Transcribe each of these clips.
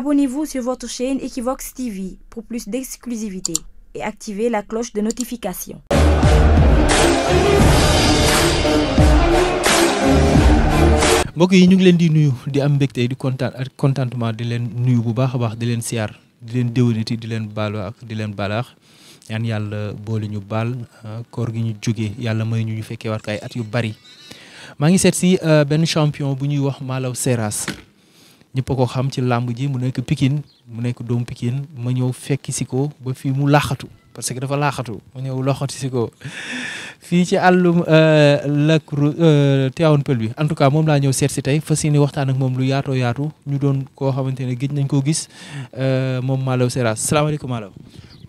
Abonnez-vous sur votre chaîne Equivox TV pour plus d'exclusivité et activez la cloche de notification. yi ñu ngi leen di nuyu di am mbégte di kontaan contentement di leen nuyu bu baax a baax di leen siyaar di leen déwéniti di leen baalu ak di leen balaax ñaan yàlla boole ñu baal ah, koor gi ñu jóge yàlla may ñu ñu fekkee war at yu bari maa ngi seet si ah, benn champion bu ñuy wax Malaw Seras ñëpp a ko xam ci làmb ji mu nekk Pikine mu nekk doom Pikine ma ñëw fekk si ko ba fii mu laaxatu parce que dafa laaxatu ma ñëw loxati si ko fii ci àllum lakru teewoon pël bi en tout cas moom laa ñëw seet si tey fas yéene waxtaan ak moom lu yaatoo yaatu ñu doon koo xamante ne géej nañ koo gis euh, moom Malaw Seras salaamaaleykum Malaw.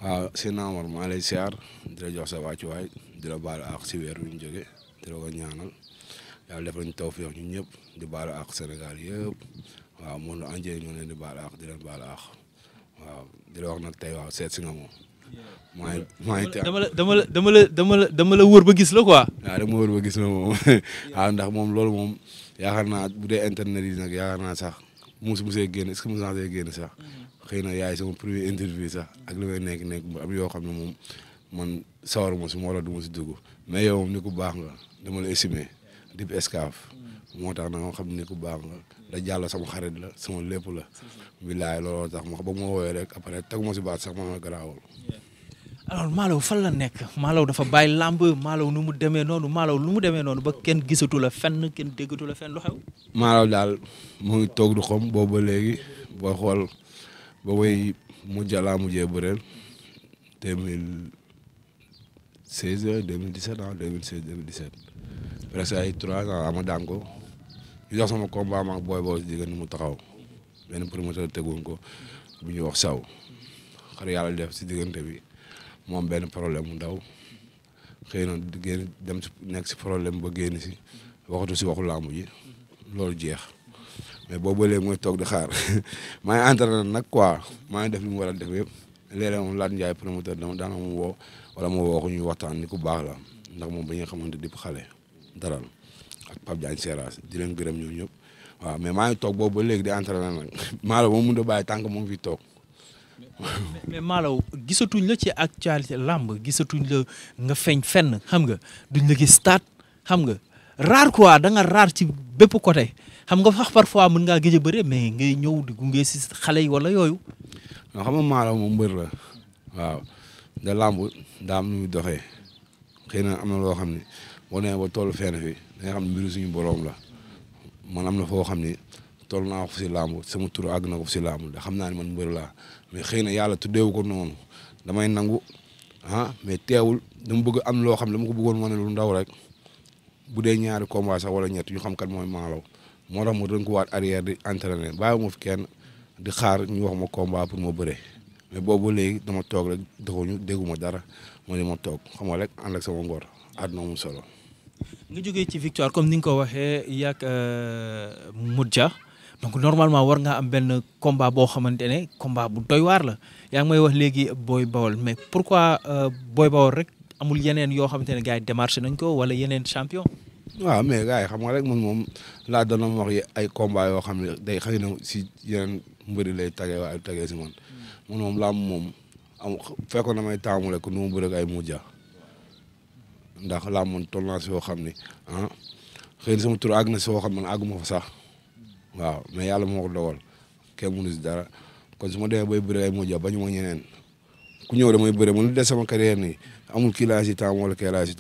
waaw sëñ Amar maa lay siyaar di la jox sa wàccuwaay di la baalu àq si weer wi ñu jógee di la ko ñaanal yàlla def nañ yëpp. waaw monde entier ñoo leen di baal aax di leen baal aax waaw di la wax nag tey waaw seet si nga moom. maa ngi maa ngi dama la dama la dama la dama la dama la wër ba gis la quoi. waaw dama wër ba gis la moom waaw ndax moom loolu moom yaakaar naa bu dee internet yi nag yaakaar naa sax muus musee génn est-ce que muus naa see génn sax xëy na yaay sama premier interview sax ak li may nekk nekk am yoo xam ne moom man sawar ma si moo la du ma si dugg mais yow moom ni ku baax nga dama la estimé dib escaf moo tax na nga xam ni ku baax nga. la jàll sama xarit la sama lépp la. bilaay looloo tax ma ba ma woowee rek après tegu ma si baat sax ma ma garaawul. alors Malaw fan la nekk Malaw dafa bàyyi làmb Malaw nu mu demee noonu Malaw lu mu demee noonu ba kenn gisatu la fenn kenn déggatu la fenn lu xew. daal mu ngi toog du xom boobu ba léegi boo xool ba muy mujj laa mujjee bëreel deux mille seize deux mille dix sept ah ay trois ans ama daan di wax sama combat ma ak Boy Baol mu taxaw benn promoteur teguñ ko bu ñuy wax saw xar yàlla def si diggante bi moom benn problème mu ndaw xëy na génn dem si nekk si problème ba génn si waxatu si waxu làmb ji loolu jeex mais boobu ba mooy toog di xaar maa ngi entraîné nag quoi maa def li mu war a def yëpp léeg-léeg moom Laat Ndiaye promoteur dama daana mu woo wala mu woo ko ñuy waxtaan ni ku baax la ndax moom ba ñu xamante dipp xale daral ak Pape Diagne Seras di leen gërëm ñoom ñëpp waaw mais maa ngi toog boobu ba léegi di entraîné nag Malaw moom mënut a bàyyi tànk moo gisatuñ la ci actualité làmb gisatuñ nga feeñ fenn xam nga duñ la gis stade xam nga rare quoi da raar rare ci bépp côté xam nga sax parfois mën ngaa gëj a bëre mais ngay ñëw di gunge si xale yi wala yooyu. non xam nga Malaw moom mbër la waaw da làmb daam am nu muy doxee xëy na am loo xam ne. boo nee ba toll fenn fi da nga xam ne mbiru suñu boroom la man am na foo xam ni toll naa ko si làmb sama tur àgg na ko si làmb da xam naa ne man mbër laa mais xëy na yàlla tuddeewu ko noonu damay nangu ah mais teewul dama bëgg am loo xam ne dama ko bëggoon wane lu ndaw rek bu dee ñaari combat sax wala ñett ñu xam kat mooy maalaw moo tax ma rënkuwaat arrière di entraîner bàyyi ma fi kenn di xaar ñu wax ma combat pour ma bëre mais boobu léegi dama toog rek doxuñu déggu ma dara ma di ma toog xam nga rek ànd ak sama ngor àdduna mu solo nga jógee ci victoire comme ni nga ko waxee yàgg euh, Modja donc normalement war ngaa am benn combat boo xamante ne combat bu doy waar la yaa ngi may wax léegi Boy Baol mais pourquoi euh, Boy Baol rek amul yeneen yoo xamante ne gars yi démarché nañ ko wala yeneen champion. amee mais gars yi xam nga rek man moom laa doon wax ay combat yoo xam ne day xëy na si yeneen mbëri lay tagee waaye tagee si man. Hmm. man moom laa moom am na may taamu rek nu ndax laa moon toll naa si yoo xam ne ah sama tur àgg na si yoo xam ne man àgguma fa sax waaw mais yàlla moo ko dogal kenn mënu si dara kon su ma demee bay bëri ay mujj bañu ma ñeneen ku ñëw damay bëri man lu des sama carrière amul kii laa wala kee laa si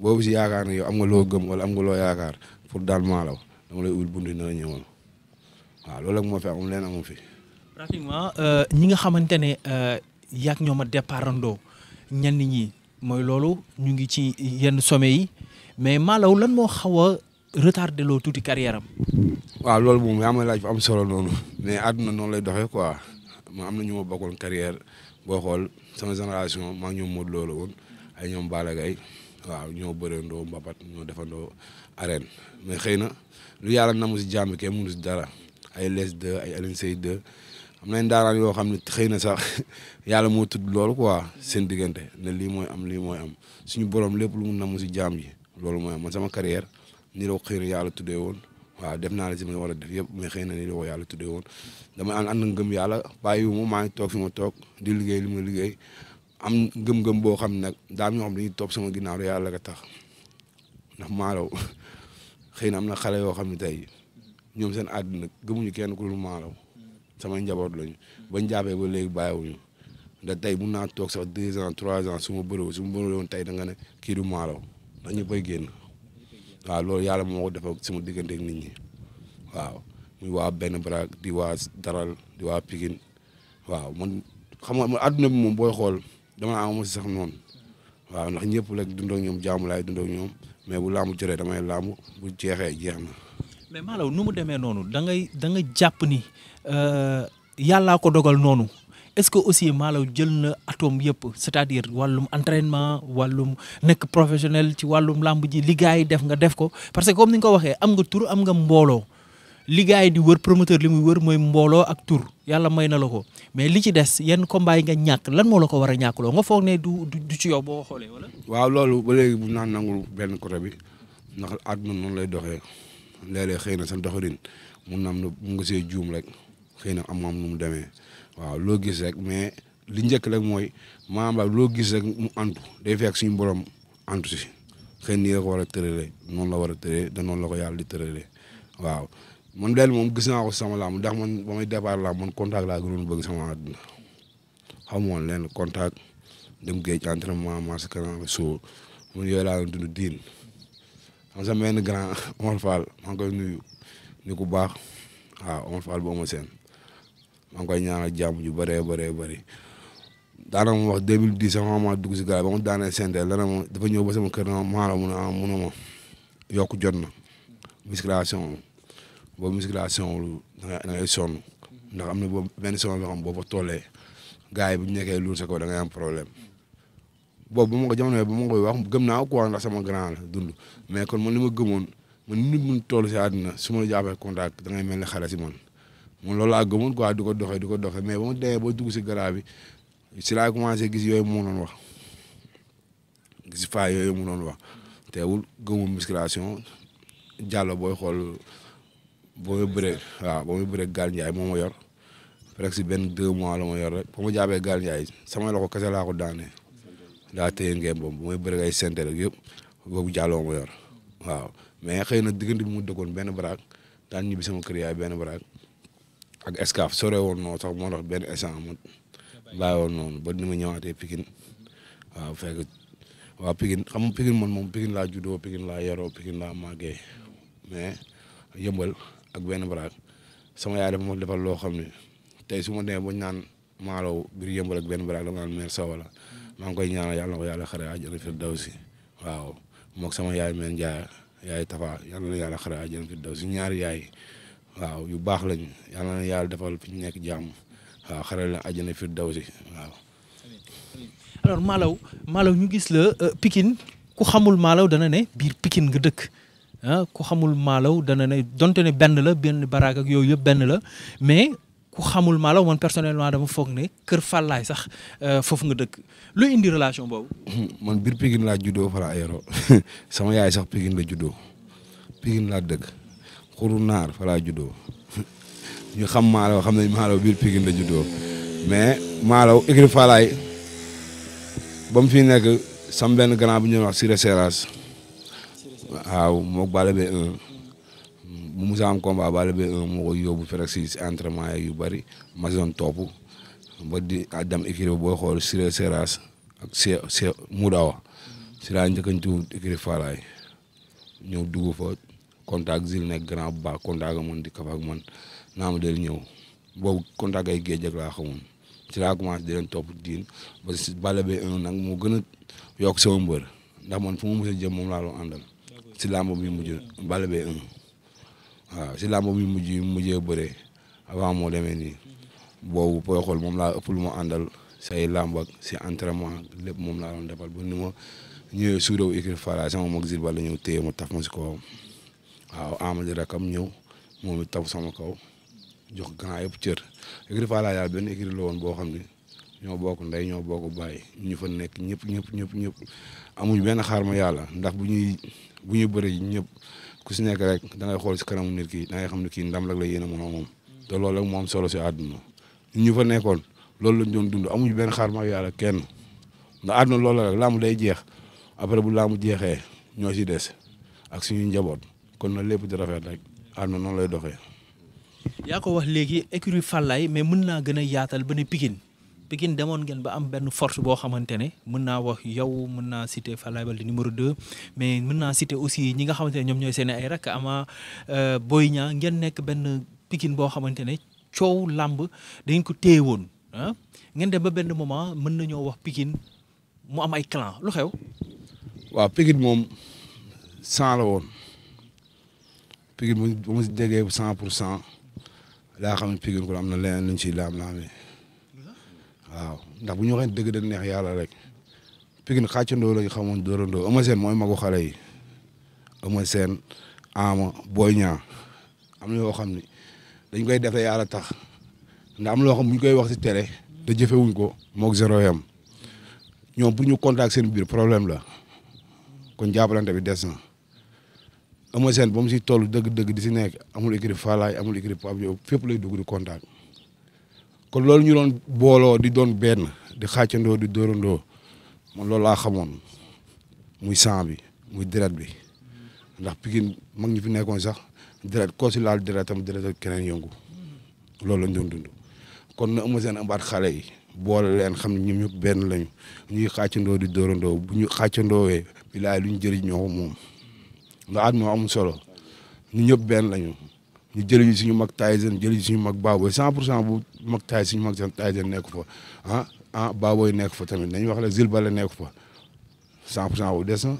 boobu si yaakaar ne yow am nga loo gëm wala am nga yaakaar pour daal maalaw dama lay ubbil bunt na ñëwal waaw loolu ak moo fi amul leen amul fi. pratiquement euh, ñi nga xamante ne euh, yaa ñoom a départandoo ñenn ñi. mooy loolu ñu ngi ci yenn sommet yi mais Malaw lan moo xaw a retardé loo tuuti carrière waaw loolu moom yaa ma laaj fa am solo noonu mais àdduna noonu lay doxee quoi ma am na ñu ma bokkoon carrière boo xool sama génération maa ñoom Modou Lo woon ay ñoom Balla Gaye waaw ñoo bëreendoo mbapat ñoo defandoo arène mais xëy na lu yàlla namu si jàmm kenn mënu si dara ay les deux ay Alioune Seye deux am nañ yoo xam ne xëy na sax yàlla moo tudd lool quoi seen diggante ne lii mooy am lii mooy suñu borom lépp lu mu namm si jaam yi loolu mooy am man sama carrière nii la ko xëy yàlla tuddee woon waaw def naa la si li nga war a def yëpp mais na nii yàlla tuddee woon damay ànd ànd ngëm yàlla bàyyi wu maa ngi toog fi ma toog di liggéey li ma liggéey am ngëm-ngëm boo xam ne nag daam ñoo xam dañuy topp sama ginnaaw yàlla la tax ndax maalaw xëy na am na xale yoo xam ne tey ñoom seen àdduna gëmuñu kenn ku dul maalaw sama njaboot lañu bañ jàppee ba léegi bàyyiwuñu da tey mun naa toog sax deux ans trois ans suma ma bëree su ma bëree woon tey da nga ne kii du maalaw ndax ñu koy mu waaw ko defal sama diggante nit ñi waaw waa benn baraag di waa daral di waa Pikine waaw man xam nga adduna bi moom booy xool dama am si sax noonu waaw ndax ñëpp rek dund ñoom jaamu laay dund ak mais bu laamu jotee damay laamu bu jeexee jeex na. mais Malaw nu mu demee noonu da ngay da jàpp ni euh, yàllaa ko dogal noonu est-ce que aussi Malaw jël na atome yëpp c'est-à-dire wàllum entraînement wàllum nekk professionnel ci wàllum làmb ji liggaay def nga def ko parce que comme ni nga ko waxee am nga tur am nga mbooloo liggéey di wër promoteur li muy wër mooy mbooloo ak tur yàlla may na la ko mais li ci des yenn combat yi nga ñàkk lan moo la ko war a loo nga foog ne du du ci yow boo xoolee wala. waaw loolu ba léegi bu naan nangul benn côté bi ndax àdduna noonu lay doxee. léeg-léeg xëy na sa doxalin mun na am lu mu nga see juum rek xëy na am am nu mu demee waaw loo gis rek mais li njëkk rek mooy maanaam loo gis rek mu ant day fekk suñu borom antu si xëy na nii la ko war la war a tëralee la ko yàlla di tëralee waaw man daal moom gis naa ko sama làmb ndax man ba may départ làmb man contact laa gënoon bëgg sama àdduna xam woon leen contact dem géej entraînement masse kanam soo man yooyu laa doon dund diin man sama benn grand Omar Fall maa ngi koy nuyu ni ku baax waaw Omar Fall boobu ma seen maa ngi koy ñaanal jàmm ju bëree bëree bëri daana ma wax 2010 sama maa dugg si gaal ba mu daanee sente la ma dafa ñëw ba sama kër na maa la mun a mun a ma yokk jot na musculation boobu musculation lu da ngay sonn ndax am na boobu benn sonn boo xam boo fa tollee gars bu ñu nekkee luur sa kaw da ngay am problème boobu bu ma ko jamono bu ma koy wax gëm naa quoi ndax sama grand la dund mais kon man li ma gëmoon man nit mun toll si àdduna su ma jàppee contact da ngay mel ni xale si man man loolu laa gëmoon quoi di ko doxee di ko doxee mais ba ma demee ba dugg garaa bi si laa commencé gis yooyu mu doon wax gis faa yooyu mu doon wax teewul gëmul musculation jàll booy xool boo may bëree waaw boo may bëree gaal njaay moo ma yor presque benn deux mois la ma yor rek ba ma jàppee gaal njaay sama loxo kese laa ko daanee. daa téye ngeen boobu bu may bëri ay séntu rek yëpp boobu jàlloo ma yor waaw mais xëy na diggante bi mu dëkkoon benn baraag daan ñibbi sama kër yaay benn baraag ak escaf sore woon noonu sax moo tax benn essence ma bàyyi woon noonu ba ni ma ñëwaatee Pikine waaw fekk waaw Pikine xam nga Pikine man moom Pikine laa juddoo Pikine laa yaroo Pikine laa màggee mais yëmbal ak benn baraag sama yaay dafa ma defal loo xam ne tey su ma demee ba ñu naan maaloo biir yëmbal ak benn baraag dama naan meer Sow la maa ngi koy ñaanal yàlla na ko yàlla xare àjjana firdawsi waaw mook sama yaay meen jaaya yaay tafa yàlla na a xare àjjana firdawsi ñaari yaay waaw yu baax lañ yàlla na yàlla defal fi ñu nekk jàmm waaw xare la àjjana firdawsi waaw. alors Malaw ñu gis la euh, pikin ku xamul Malaw dana ne biir Pikine nga dëkk. ah ku xamul maalaw dana ne donte ne benn la benn baraag yooyu yëpp benn la mais ku xamul maalaw man personnellement dama foog ne Kër Fàllaay sax euh, foofu nga dëkk lu indi relation boobu. man biir Pikine laa judo fa laa sama yaay sax Pikine la juddoo Pikine la dëgg xuru naar fa laa juddoo ñu xam Malaw nañ Malaw biir Pikine la juddoo mais Malaw écurie Falaye ba mu fi nekk sam benn grand bu ñuy wax Siré Seras waaw moog Balla mu musa am combat Balla Gaye 1 moo koy yóbbu fekk si si yu bari ma si doon topp ba di dem écurie booy xool Siré Seras ak see see Moudawa si laa njëkk a tuur Faalaay ñëw dugg fa contact zil nekk grand bu baax contact ak man di kaf ak man naa ma del ñëw boobu contact ay géej laa xamoon si laa commencé di leen diin parce que Balla Gaye 1 nag moo gën a yokk sama mbër ndax man fu mu mës jëm moom laa doon àndal si làmb bi mujj Balla Gaye avant moo demee nii boobu booy xool moom laa ëpp lu ma àndal. say làmb ak si entraînement lépp moom laa defal ba ni ma ñëwee suudawu écurie Fara sama la ñëw téye ma taf ma si kawam waaw Amady rakam ñëw moom it taf sama kaw jox grand yëpp cër écurie Fara daal benn écurie la woon boo xam ne ñoo bokk ndey ñoo bokk bàyyi ñu fa nekk ñëpp ñëpp ñëpp ñëpp amuñ benn xaar yàlla ndax bu ñuy bu ñuy bëri ñëpp ku si nekk rek da xool si kanamu nit ki da xam ne kii ndam la yéen a mën te loolu rek moo solo si àdduna ñu fa nekkoon. loolu lañ doon dund amuñu benn xaar ma yàlla kenn ndax àdduna loolu rek laamu day jeex après bu laamu jeexee ñoo si des ak suñu njaboot kon na lépp di rafet rek àdduna noonu lay doxee. yaa ko wax léegi écurie Fallaye mais mën naa gën a yaatal ba ne Pikine Pikine demoon ngeen ba am benn force boo xamante ne mën naa wax yow mën naa citer Fallaye di numéro 2 mais mën naa citer aussi ñi nga xamante ñoom ñooy seen ay rakk ama euh, Boy ñaa ngeen nekk benn Pikine boo xamante ne coow làmb dañ ko téye woon. ah ngeen dem ba benn moment mën nañoo wax Pikine mu am ay clan lu xew. waaw Pikine moom cent la woon Pikine bu ma si déggee cent pour cent laa xam ne Pikine ko am na leneen luñ ciy laa laamee waaw ndax bu ñu waxee dëgg dañ neex yàlla rek Pikine xàccandoo lañ xamoon dóorandoo Eumeu Sène mooy magu xale yi Eumeu Sène Ama Boy Niang am na yoo xam ne dañ koy def yàlla tax. ndax am loo xam bu ñu koy wax si tere te jëfewuñ ko mook zéro yam ñoom pour ñu contact seen biir problème la kon jàppalante bi des na ama seen ba mu si toll dëgg-dëgg di si nekk amul écrit falaay amul écrit Pape Diop fépp lay dugg di contact kon loolu ñu doon booloo di doon benn di xàccandoo di dóorandoo man loolu laa xamoon muy sang bi muy deret bi ndax Pikine mag ñu fi nekkoon sax deret koo si laal deretam deret ak keneen yëngu loolu lañ doon dund kon na Eumeu Sène ambaat xale yi boole leen xam ne ñoom ñëpp benn lañu ñuy xàccandoo di dóorandoo bu ñu xàccandoowee bilaay lu ñu jëriñoo moom ndax at moo amul solo ñu ñëpp benn lañu ñu jëli suñu mag Tyson jëli suñu mag Baboy 100 pour cent bu mag Tyson suñu mag Tyson nekk fa ah ah Baboy nekk fa tamit dañuy wax la Zil Balla nekk fa 100 pour cent bu des na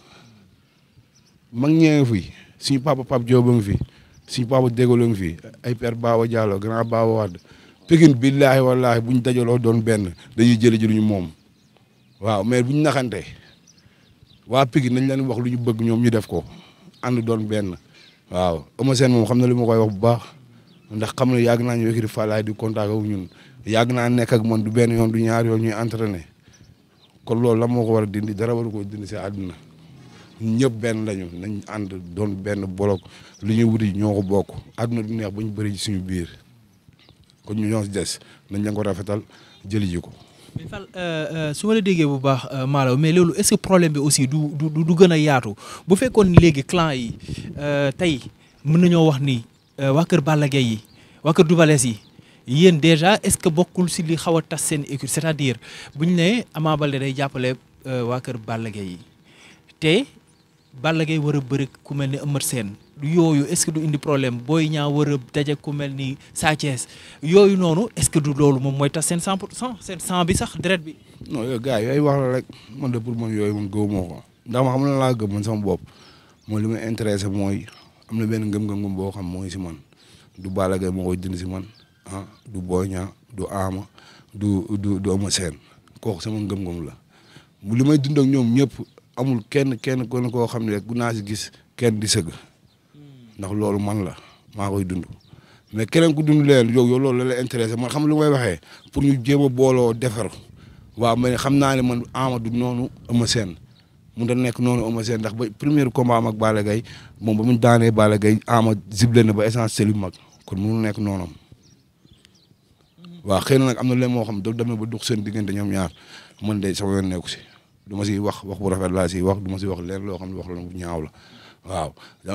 mag ñee fi suñu papa Pape Diop a ngi fi suñu papa Dégol a ngi fi ay père Bawa Diallo grand Bawa Wade Pikine billaahi wallaahi buñ dajaloo doon benn dañuy jëli jëriñu moom waaw mais buñ naxante waa Pikine nañ leen wax lu ñu bëgg ñoom ñu def ko ànd doon benn waaw Eumeu Sène moom xam na li ma koy wax bu baax ndax xam na yàgg naa ñu wekk di fàllaay di contact ak ñun yàgg naa ak man du benn yoon du ñaar yoon ñuy entraîné kon loolu la moo ko war a dindi dara waru ko dindi si àdduna ñëpp benn lañu nañ ànd doon benn bolok li ñuy wuti ñoo ko bokk àdduna du neex ba ñu bëri ci biir kon ñu ñoo des nañ la ko rafetal jëli ji ko. mais Fall euh, euh, su ma la déggee bu baax euh, Malaw mais loolu est-ce que problème bi aussi du du du gën a yaatu bu fekkoon léegi clan yi tey mën nañoo wax ni waa kër Balla Gaye yi waa kër Double Less yi yéen déjà est-ce que bokkul si li xaw a tas seen équipe c'est-à-dire bu ñu nee Ama Baldé day jàppale waa kër Balla Gaye yi te Balla Gaye war a bëri ku mel ni Eumeu yooyu est-ce que du indi problème Boy Niang war a daje ku mel ni Sa Thiès yooyu noonu est-ce que du doolu moom mooy tax seen cent pour cent seen cent bi sax deret bi. non yooyu gars yooyu wax la rek man de pour man yooyu man gëw moo ko ndax ma xam na laa gëm man mooy li ma intéressé mooy am na benn ngëm-ngëm boo xam mooy si man du Balla Gaye moo koy dindi si man ah du booy Niang du Ama du du du Eumeu Sène kooku sama ngëm-ngëm la li may dund ak ñoom ñëpp. amul kenn kenn kon koo xam ne rek naa si gis kenn di sëgg ndax loolu man la maa koy dund mais keneen ku dund leen yow yow loolu la la intéressé man xam lu may waxee pour ñu jéem a booloo defar waaw man xam naa ne man Amadou noonu ma Sène mun da nekk noonu Eumeu Sène ndax ba premier combat am ak Balla moom ba mu daanee Balla Gaye ama zible na ba essence lu mag kon mënul nekk noonu waa xëy na nag am na leen moo xam daf na ba dux seen diggante ñoom ñaar man de sama yoon nekku si du ma si wax wax bu rafet si wax du ma si wax leen loo xam ne wax la bu ñaaw la waaw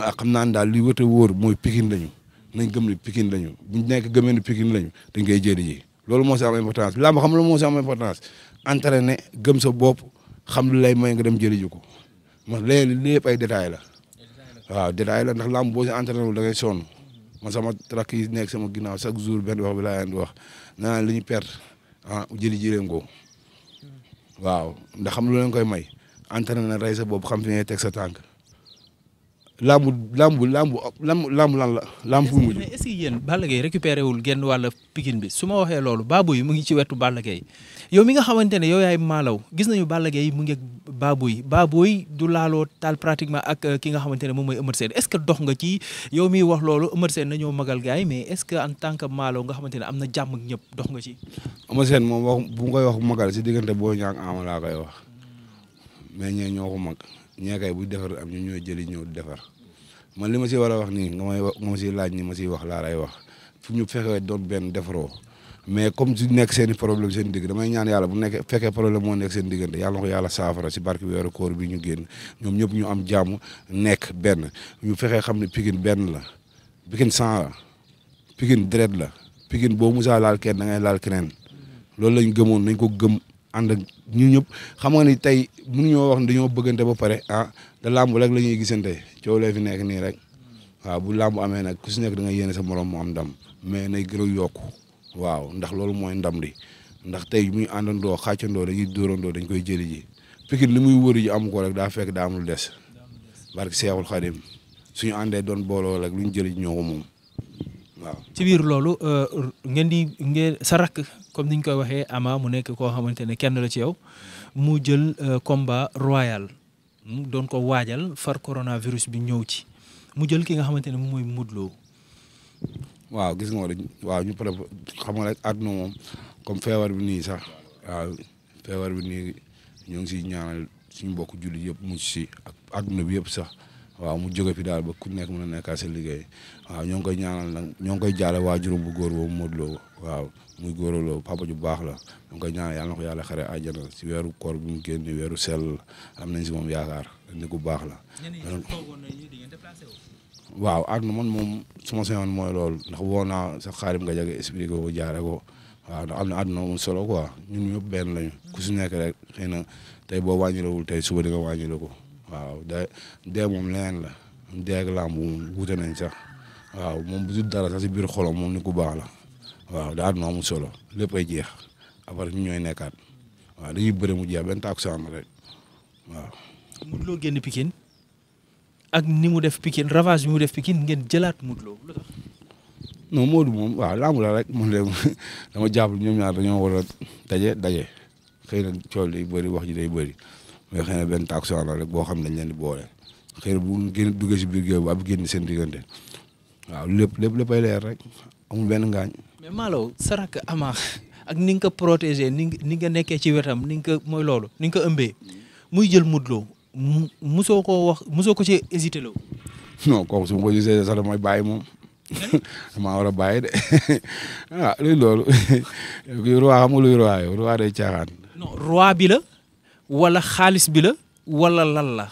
ak xam naa ne daal li wët a wóor mooy pikin lañu nañ gëm ne pikin lañu buñ nekk gëmee ne pikin lañu dañ koy jëri ji loolu moo si am importance laa ma xam la moo si am importance entraîné gëm sa bopp xam lu lay may nga dem jëri ji ko man léegi lépp ay détails la waaw détail la ndax làmb boo si entraîné wul da ngay sonn sama trak yi nekk sama ginnaaw chaque jour benn wax bi laa leen di wax naa li ñu perte ah jëli ji leen waaw ndax xam lu leen koy may entraîné na rey sa boobu xam fi ngay teg sa tànk làmbu làmbu làmbu làmbu làmbu lan la làmbu fu mujj. mais est-ce que yéen Balla Gaye récupéré wul genn wàll Pikine bi su ma waxee loolu Baboye mu ngi ci wetu Balla Gaye yow mi nga xamante ne yow yaay maalaw gis nañu Balla Gaye mu ngi ak Baboy Baboy du laaloo taal pratiquement ak euh, ki nga xamante ne moom mooy Eumeu Sène est-ce que dox nga ci yow miy wax loolu Eumeu Sène nañoo magal gaay mais est-ce en tant que maalaw nga xamante am na jàmm ak ñëpp dox nga ci. Eumeu Sène moom wax bu koy wax magal si diggante boo ñaak Ama laa koy wax mais ñee ñoo ko mag ñee bu defar am ñu ñooy jëli ñëw defar man li ma si war a wax nii nga may nga ma siy laaj ni ma siy wax laa ray wax fu ñu fexee doon benn defaroo. mais comme su nekk seen i problème seen digg damay ñaan yàlla bu nekk fekkee problème moo nekk seen diggante yàlla na ko yàlla saafara si barke weeru koor bi ñu génn ñoom ñëpp ñu am jàmm nekk benn ñu fexee xam ne Pikine benn la Pikine sang la Pikine la Pikine boo musaa laal kenn da laal keneen loolu lañ gëmoon nañ ko gëm ànd ak ñu ñëpp xam nga ni tey mënuñoo wax ne dañoo bëggante ba pare ah da làmb rek la ñuy gisante coow lee fi nekk nii rek waaw bu làmb amee nag ku si nekk da ngay yéene sa moroom mu am dam mais nay gën a yokku waaw ndax loolu mooy ndam li ndax tey muy àndandoo xàccandoo dañuy dóorandoo dañ koy jëli ji Pikine li mu wëri ji am ko daa fekk daa lu des barke Seexul Xadim suñu àndee doon booloo rek lu ñu jëli ji ñoo moom waaw. ci biir loolu euh, ngeen di ngeen sa rakk comme niñ koy waxee Ama mu nekk koo xamante ne kenn la ci yaw mu jël euh, combat royal doon ko waajal far coronavirus bi ñëw ci mu jël ki nga xamante ne moom mooy Modou Lo waaw gis nga waaw ñu pré xam nga rek àdduna moom feebar bi nii sax feewar bi nii ñoo ngi siy ñaanal suñu mbokk jullit yëpp mu si ak àdduna bi yëpp sax waaw mu jóge fi daal bokk nekk mën a nekkaa sa liggéey waaw ñoo ngi koy ñaanal nag ñoo ngi koy jaale waajuram bu góor boobu Modou Lo waaw muy góoraloo papa ju baax la ñoo ngi koy ñaanal yàlla na ko yàlla xare àjjana si weeru koor bi mu génn weeru sell am nañ si moom yaakaar ni ku baax la waaw àdduna man moom su ma seyoon mooy loolu ndax woo naa sa xaarim nga jege expliqué ko jaare ko waaw ndax am na àdduna moom solo quoi ñun ñëpp benn lañu ku si nekk rek xëy na tey boo wàññilewul tey suba di nga wàññile ko waaw de dee moom leneen la dee ak làmb moom sax waaw moom bu dul dara sax si biir xolam moom ni ku baax la waaw da àdduna amul solo lépp ay jeex après ñu ñooy nekkaat waaw dañuy bëri mu jeex benn taaku saan rek waaw. mënuloo génn Pikine ak ni mu def Pikine ravage bi mu def Pikine ngeen jëlaat Modou Lo. non Modou moom waaw laamu la rek man de dama jàpp ñoom ñaar dañoo war daje daje xëy na coow day bëri wax ji day bëri mais xëy na benn taakusaan la rek boo xam ne dañ leen di boole xëy bu génn duggee si biir géew bu ab génn seen diggante waaw lépp lépp léppay leer rek amul benn ngaañ. mais Malaw Saraka Ama ak ni nga ko protégé ni nga ni nga nekkee ci wetam ni nga ko mooy loolu ni nga ko ëmbee muy jël Modou musoo koo wax musoo ko ci hésité loo. non kooku su ma ko gisee sax damay bàyyi moom damaa war a bàyyi de ah luy loolu roi xam nga luy roi yow roi day caaxaan. non roi bi la wala xaalis bi la wala lan la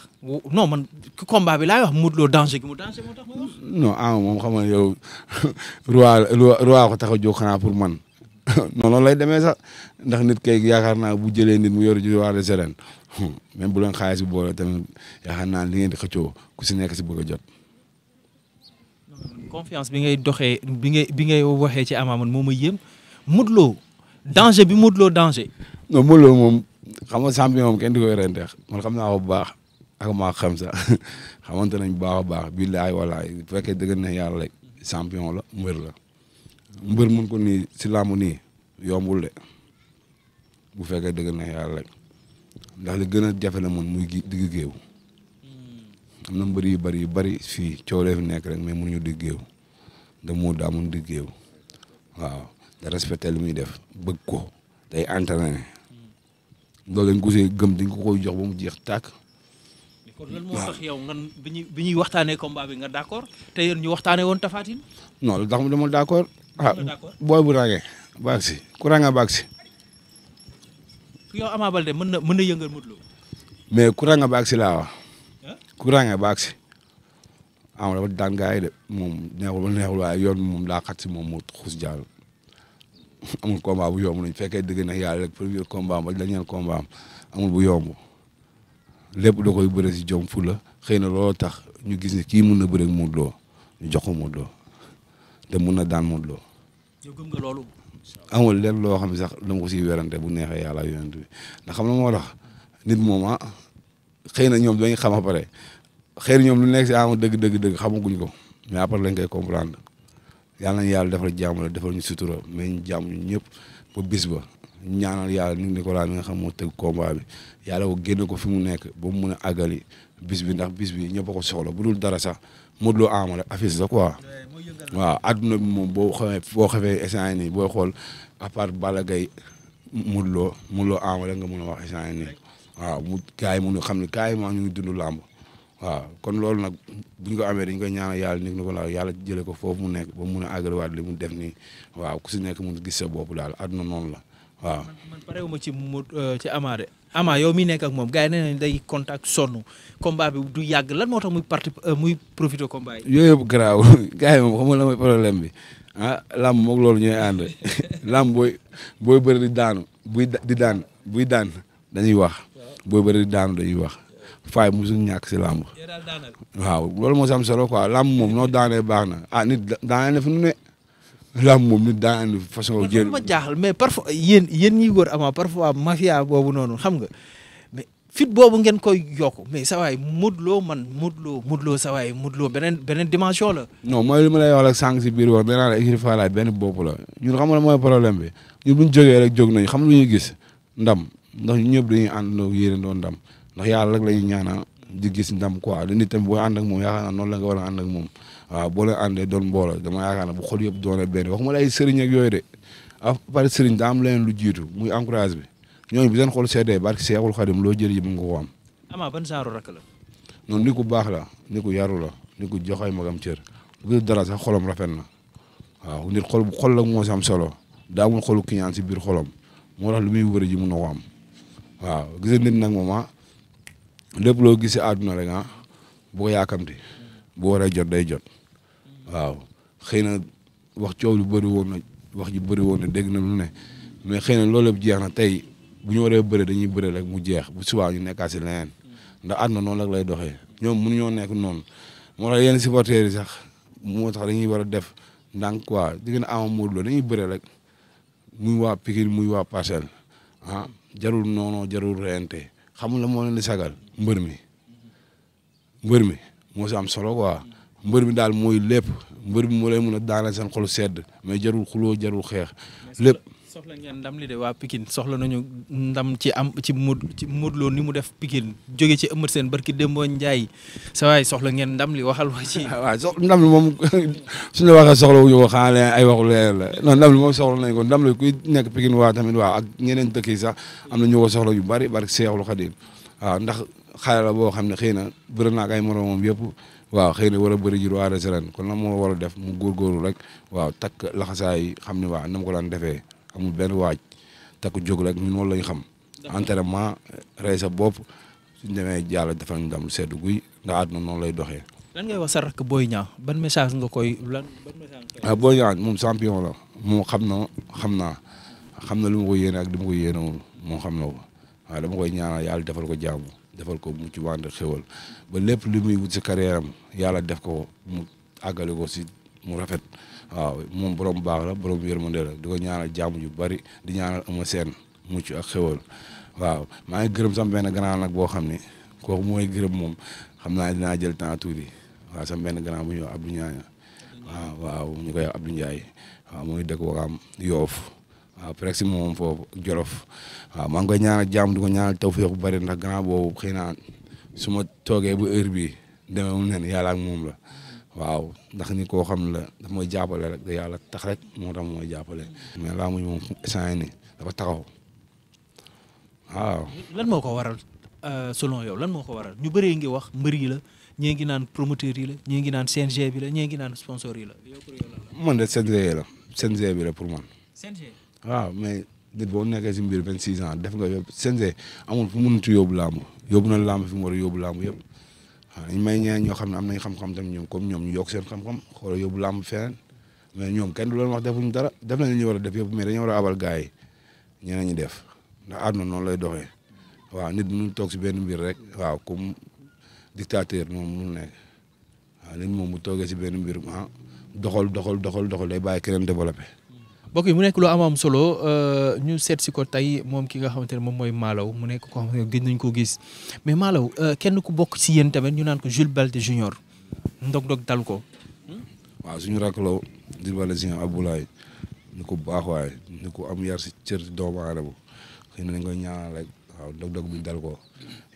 non man combat bi laay wax Modou Lo mu danger ma wax. non ah moom xam nga yow ko tax a jóg xanaa pour man non loolu lay demee sax ndax nit kay yaakaar naa bu jëlee nit mu yor ji roi Hmm. même bu leen xaalis bi boole tamit yaakaar naa li ngeen di xëccoo ku si nekk si bëgg a jot. confiance bi ngay doxee bi ngay bi ngay waxee ci Ama man moom a yëm Modou danger bi Modou Lo danger. non Modou Lo moom xam nga champion moom di koy renteex xam naa ko bu baax ak maa xam sax xamante nañ bu baax a baax billaay walaay bu fekkee dëgg na yàlla rek champion la mbër la mbër mën ko nii si yombul bu fekkee dëgg na ndax li gën a jafe la moom muy digg géew am na mbëri yu bari yu bëri fii coow fi nekk rek mais mënuñu digg géew da moo daa mun digg géew waaw da respecté li muy def bëgg ko day entraîné loolu lañ ko see gëm dañ ko koy jox ba mu jeex tàkk. kon lan yow nga bi ñuy bi ñuy waxtaanee combat nga d' accord te yéen ñu waxtaanee woon Tapha Tine. non lu tax mu dama d' accord. ah booy bu ràngee baag si ku ràngee baag si. ku yow Ama Baldé mën na mën na yëngal Modou Lo mais kuranga baag si laa wa kuranga baag si. am dafa daan gars de moom neexul neexul waaye yoon moom daa xat si moom mu xuus jàll. amul combat bu yomb lañ fekkee dëgg yàlla rek premier combat ba dernier bu yomb lépp koy bëre si jom fula la xëy na looloo tax ñu gis ne kii mun na bëre ak Modou Lo ñu jox te mun na daan Modou Lo. loolu. amul lenn loo xam ne sax dama ko siy bu neexee yàlla yonent bi ndax xam na moo tax nit moom ah xëy na ñoom dañuy xam a pare xëy na ñoom lu nekk si ama ah, dëgg dëgg dëgg xamaguñ ko mais après lañ koy comprendre yàlla nañ yàlla defal jàmm la defal ñu sutura mais ñu ñëpp ba bis ba ñaanal yàlla ni ni ko laa mi nga xam moo tëgg combat bi yàlla ko génne ko fi mu nekk ba mu mun a àggali bis bi ndax bis bi ñëpp ko soxla bu dul dara sax Modou Lo Ama ah, la affiche la waaw adduna bi moom boo xamee boo xamee échange nii booy xool à part Balla Gaye Modou Lo Modou Lo Ama ah, nga mun a wax échange nii waaw mu gars yi mun a xam ne carrément ñu ngi dund làmb waaw kon loolu nag bu ñu ko amee dañ koy ñaanal yàlla nekk na ko yàlla jëlee ko foofu mu nekk boo mun a àggaliwaat li mu def nii waaw ku si nekk mun gis sa daal adduna noonu la. waaw man parewuma ci mu euh, ci Ama de Ama yow mi nekk ak moom gars yi day contact sonn combat bi du yàgg lan moo tax muy parti euh, muy profité combat yi. yooyu yëpp garaaw gars yi moom xam nga la mooy problème bi ah làmb moog loolu ñooy ànd làmb booy booy bëri di daanu buy di daan buy daan dañuy wax booy bëri di daanu dañuy wax faay musul ñàkk si làmb waaw loolu moo si am solo quoi làmb moom noo daanee baax na ah nit daanee ne. lamb moom nit daa ànd façon. jéem ma jaaxal mais parfois yéen yéen ñiy wër ama parfois mafia boobu noonu xam nga mais fit boobu ngeen koy yokk mais saa waay Modou Lo man Modou Lo Modou Lo saa waay Lo beneen dimension la. non mooy li ma lay wax rek sànq si biir wax danaa benn bopp la ñun xam nga mooy problème bi ñun ñu jógee rek jóg nañu xam lu ñuy gis ndam ndax ñun ñëpp dañuy àndandoo yéenandoo ndam ndax yàlla rek la ñuy ñaanal di gis ndam quoi nit tamit boo ànd ak moom yaakaar naa la nga war a ànd ak moom waaw boo leen àndee doon mbooloo dama yaakaar ne bu xol yëpp doone benn waxuma ay sëriñ ak yooyu de à part sëriñ daa am leneen lu jiitu muy encourage bi ñooñu bi seen xol seddee barki Seexul Xadim loo jël yi mu nga ko am. Ama ban saaru rakk la. noonu ni ku baax la ni ku yaru la ni ku joxay magam cër bu dul dara sax xolam rafet na waaw nit xol bu xol la moo si am solo daa amul xolu kiñaan si biir xolam moo tax lu muy wër ji mun na ko am waaw gis nit nag moom ah, lépp loo gis si àdduna rek ah boo ko yaakamti bu waree jot day jot. waaw xëy na wax coow lu bëri woon na wax ji bëri woon na dégg na lu ne mais xëy na loolu yëpp jeex na tey bu ñu waree bëre dañuy bëre rek mu jeex bu subaa ñu nekkaat si leneen ndax àdduna noonu rek lay doxee ñoom mënuñoo nekk noonu moo tax yenn supporters yi sax moo tax dañuy war a def ndànk quoi di gën a am Modou Lo dañuy bëre rek muy waa Pikine muy waa Parcelles ah jarul noonu jarul reyante xam la moo leen di sagal mbër mi mbër mi moo si am solo quoi mbër mi daal mooy lépp mbër mi moo lay mun a daanal seen xolu sedd mais jarul xuloo jarul xeex lépp. soxla ngeen ndam li de waa Pikine soxla nañu ndam ci am ci mu ci Modou Lo ni mu def Pikine jóge ci Eumeu Sène barki Demba Ndiaye sa waay soxla ngeen ndam li waxal wa ci. waaw sox ndam li moom suñu la waxee soxla wu ñu ko xanaa ay waxu leer la non ndam li moom soxla nañ ko ndam li kuy nekk Pikine waa tamit waaw ak ñeneen dëkk yi sax am na ñu ko soxla yu bari bari Seexul Xadiim waaw ndax xale la boo xam ne xëy na bëri naa ak ay moromam yëpp waaw xëy na war a bëri jur waa ren kon nag moo war a def mu góorgóorlu rek waaw takk laxasaay xam ne waa na mu ko daan defee amul benn waaj takk jóg rek ñun loolu lañ xam. entraînement rey sa bopp suñ demee yàlla defal ñu dam lu sedd guy ndax àdduna noonu lay doxee. lan ngay wax sa rakk Boy Niang ban message nga koy lan ban message. ah Boy Niang moom champion la moom xam na xam naa xam na lu ma ko yéene ak li ma ko yéene moom xam na ko waaw dama koy ñaanal yàlla defal ko jàmm. defal ko mucc ci wànd ba lépp lu muy wut si carrière am yàlla def ko mu àggale ko si mu rafet waaw moom borom baax la borom yërmande la di ko ñaanal jàmm ju bari di ñaan ama seen mucc ak xéwal waaw maa ngi gërëm sama benn grand nag boo xam ne kooku mooy gërëm moom xam naa dinaa jël temps tuuti waaw sama benn grand bu ñëw Abdou Ndiaye waaw waaw ñu koy Abdou Ndiaye waaw mooy dëkk Yoof waaw presque moom foofu Jolof waaw maa ngi koy ñaanal jàmm di ko ñaanal bu bari ndax grand boobu xëy na su ma toogee bu heure bi demee mu ne yàlla ak moom la waaw ndax ni koo xam la daf may jàppale rek da yàlla tax rek moo tax mooy jàppale. mais laa muy moom instant dafa taxaw lan moo ko waral euh, selon yow lan moo ko waral ñu bëree ngi wax mbër yi la ñii ngi naan promoteur yi la ñii naan CNG bi la ñii ngi naan sponsor yi la. man de CNG la CNG bi la pour man. CNG. waaw mais nit boo nekkee si mbir 26 ans def nga yëpp CNG amul fu mënut a yóbbu laamu yóbbu na laamu fi mu war a yóbbu laamu yëpp waaw dañ may ñeneen ñoo xam ne am nañ xam-xam ñoom comme ñoom ñu yokk seen xam-xam xoolal yóbbu laamu feneen mais ñoom kenn du leen wax defuñ dara def nañ li ñu a def yëpp mais dañu war a abal gars ñi def ndax àdduna noonu lay doxee waaw nit mënul toog si benn mbir rek waaw comme dictateur moom mënul nekk waaw nit moom bu toogee si benn mbir ah doxal doxal doxal doxal day bàyyi keneen développé bokk yi mu nekk loo am am solo euh, ñu seet si ko tey moom ki nga xamante ne moom mooy Malaw mu nekk ko xamante ne nañ ko gis mais Malaw euh, kenn ku bokk si yéen tamit ñu naan ko Jules Baldé junior ndog-ndog dal ko. waaw suñu rakk la Jules Baldé junior Aboulaye baax waaye ni ko am yar si cër doomu aadama xëy na dañ koy ñaanal rek dal ko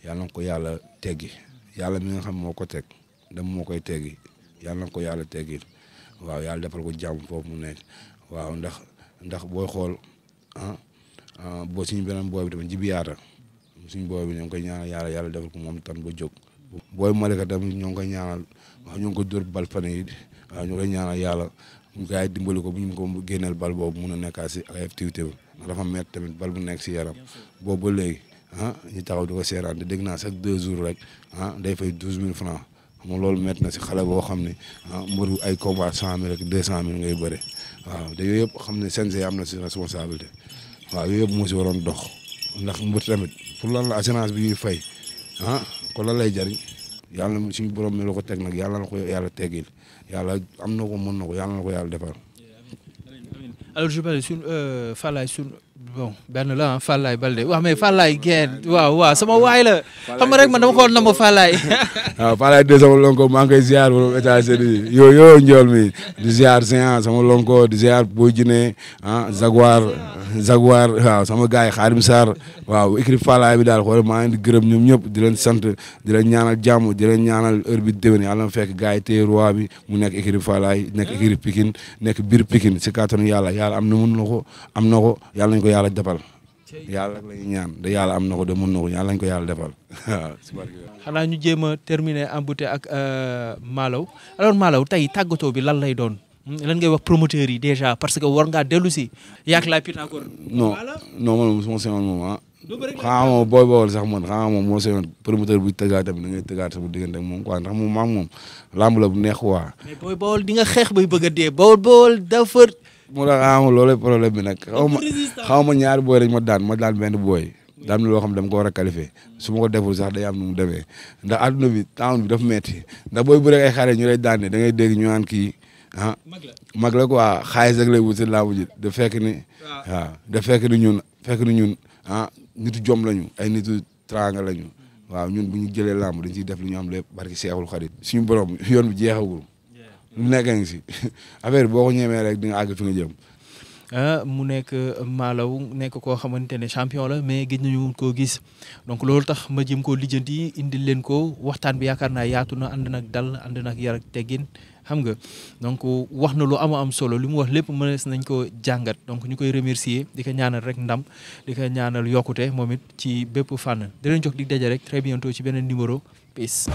yàlla na ko yàlla teggi yàlla mi nga xam moo ko teg dem moo koy teggi yàlla na ko yàlla teggi waaw yàlla defal ko jàmm foofu mu nekk. waaw ndax ndax booy xool ah, ah boo suñu beneen booy bi tamit jibiyaata suñu booy bi ñoo ngi koy ñaanal yàlla yàlla defal ko moom tam ba jóg booy Malika dem ñoo ngi koy ñaanal waaw ñoo ngi ko dóor bal fan yi waaw ñoo yàlla gars yi dimbali ko bu ñu ko génneel bal boobu mun a nekkaat si ay activité bi ndax dafa met tamit bal bu nekk si yaram boobu ba léegi ah ñu taxaw di ko seeraan te dégg naa chaque deux jours rek ah day fay douze mille francs xam loolu met na si xale boo xam ne ah mbëru ay combat cent mille cent mille ngay bëre waaw da yooyu yëpp xam ne CNG am na si responsabilité waaw yooyu yëpp moo dox ndax mbër tamit pour lan la assurance bi ñuy fay ah kon lan lay jariñ mu suñu borom mi la ko teg nag yàlla na ko yàlla teggil yàlla am na ko mun na ko yàlla na ko yàlla defal alors je parle sur euh, bon benn la ah Fallaye Balde waaw mais Fallaye Guèye waaw waaw sama waay la xam nga rek man dama ko namm Fallaye. waaw ah, Fallaye lonko maa ngi koy ziar wala États-Unis yoo yoo njool di ziar Saint sama lonko di ziar Boy Djiné ah Jaguar Jaguar waaw sama gars yi Xaarim Sarr waaw écrit Fallaye bi daal xool maa ngi di gërëm ñoom ñëpp di leen sant di leen ñaanal jam di leen ñaanal heure bi déwén yàlla na fekk gars bi mu nekk écrit Fallaye nekk écrit Pikine nekk biir Pikine si kàttanu yàlla yàlla am na mun na ko am na ko yàlla nañ ko yàlla yàlla defal yàlla la ñuy ñaan da yàlla am na ko de mën na ko ko yàlla defal waaw si barke xanaa a terminer en beauté ak euh, Malaw alors Malaw tey bi lan lay doon hmm, lan ngay wax promoteurs yi déjà parce que war ngaa dellu si yaag la Pythagore non non man su ma seyoon moom ah xanaa moom booy bool sax man moom moo seyoon promoteur bu tëggaat tamit da ngay tëggaat sama diggante ak moom quoi ndax moom maam moom bu neex quoi mais booy bool di nga xeex bay bëgg a mu tax loolu problème bi nag. xaw ma xaw ma ñaari booy rek ma daan ma daan benn booy. daam na loo xam ne dama ko war a qualifié su ma ko deful sax day am nu mu demee ndax adduna bi temps bi dafa metti ndax booy bu rek ay xaaree ñu lay daane da ngay dégg ñu naan kii ah. mag la quoi xaalis rek lay wut si ji da fekk ni. da fekk ni ñun fekk ni ñun ah nitu jom lañu ay nitu tranga lañu mm. waaw ñun bu ñu jëlee laamu dañ ciy def li ñu am lépp barki seexul xarit suñu borom yoon bi jeexagul. mu nekk ngi si affaire boo ko ñemee rek di nga àgg fi nga jëm. Ah, mu nekk euh, Malaw nekk koo xamante ne champion la mais gëj nañu koo gis donc loolu tax ma ko koo lijjanti indil leen ko waxtaan bi yaakaar naa yaatu na ànd nag dal ànd nag yarak ak teggin xam nga donc wax na lu am am solo li mu wax lépp mën mënees nañ ko jàngat donc ñu koy remercier di ko ñaanal rek ndam di ko ñaanal yokkute moom it ci bépp fànn dinañ jox dig daje rek très ci beneen numéro peace.